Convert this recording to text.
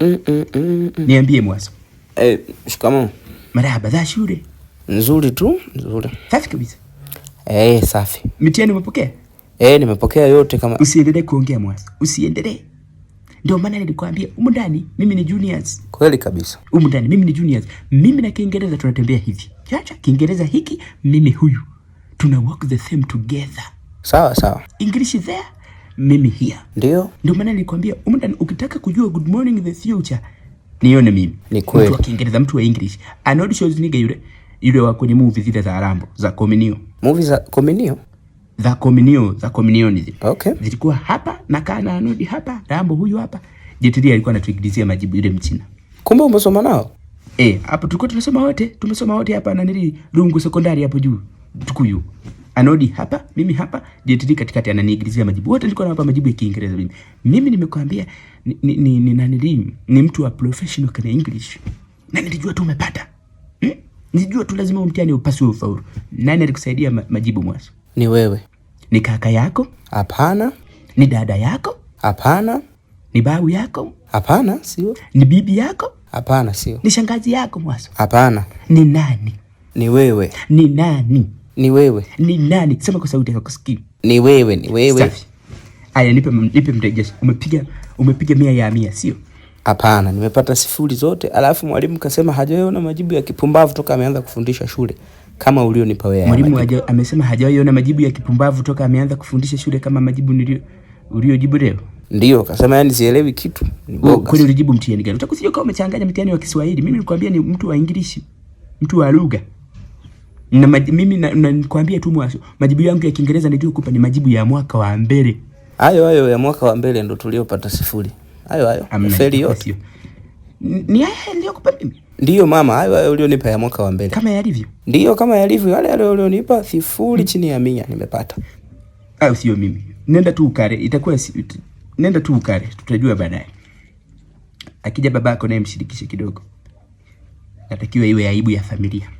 Mm, mm, mm, mm, Niambie Mwaso. Eh, shikamo. Marhaba, za shule? Nzuri tu, nzuri. Safi kabisa. Eh, safi. Mtihani umepokea? Eh, nimepokea yote kama. Usiendelee kuongea Mwaso. Usiendelee. Ndio maana nilikwambia humu ndani mimi ni juniors. Kweli kabisa. Humu ndani mimi ni juniors. Mimi na Kiingereza tunatembea hivi. Kiacha Kiingereza hiki mimi huyu. Tuna work the same together. Sawa sawa. English is there mimi here. Ndio, ndio maana nilikwambia umdan, ukitaka kujua good morning the future nione mimi. Ni kweli, mtu wa Kiingereza, mtu wa English anodi shows nige yule yule wa kwenye movie zile za Arambo za Kominio, movie za Kominio za Kominio za Kominio ni zile okay, zilikuwa hapa na kana anodi hapa, Rambo huyu hapa, Jetri alikuwa anatuigilizia majibu yule Mchina. Kumbe umesoma nao? Eh, hapo tulikuwa tunasoma wote, tumesoma wote hapa na nili Lungu sekondari hapo juu Tukuyu. Anodi hapa, mimi hapa, JTT katikati ananiigilizia majibu. Wote alikuwa anawapa majibu ya Kiingereza mimi. Mimi nimekuambia ni ni, ni, ni, nanili, ni ni mtu wa professional kana English. Na nilijua tu umepata. Hmm? Nilijua tu lazima umtiani upasi wa ufaulu. Nani alikusaidia majibu mwanzo? Ni wewe. Ni kaka yako? Hapana. Ni dada yako? Hapana. Ni babu yako? Hapana, sio. Ni bibi yako? Hapana, sio. Ni shangazi yako mwanzo? Hapana. Ni nani? Ni wewe. Ni nani? Ni wewe. Ni nani? Sema kwa sauti hakusikii. Ni wewe, ni wewe. Aya, nipe nipe mrejesho. Umepiga umepiga mia ya mia, sio? Hapana, nimepata sifuri zote. Alafu mwalimu kasema hajaona majibu ya kipumbavu toka ameanza kufundisha shule kama ulionipa wewe. Mwalimu haja, amesema hajawahi majibu ya kipumbavu toka ameanza kufundisha shule kama majibu nilio uliojibu leo. Ndio, kasema yani sielewi kitu. Oh, kweli ulijibu mtihani gani? utakusijua kama umechanganya mtihani wa Kiswahili. Mimi nilikwambia ni mtu wa English. Mtu wa lugha na mimi nakwambia tu Mwaso, majibu yangu ya Kiingereza niliyokupa ni majibu ya mwaka wa mbele. Hayo hayo ya mwaka wa mbele ndo tuliopata sifuri. Hayo hayo feli yote ni haya niliyokupa mimi. Ndiyo mama, hayo hayo ulionipa ya mwaka wa mbele kama yalivyo, ndiyo kama yalivyo yale yale ulionipa sifuri hmm, chini ya mia nimepata. Au sio? Mimi nenda tu ukare, itakuwa si, it, nenda tu ukare, tutajua baadaye. Akija babako naye mshirikishe kidogo, natakiwa iwe aibu ya familia.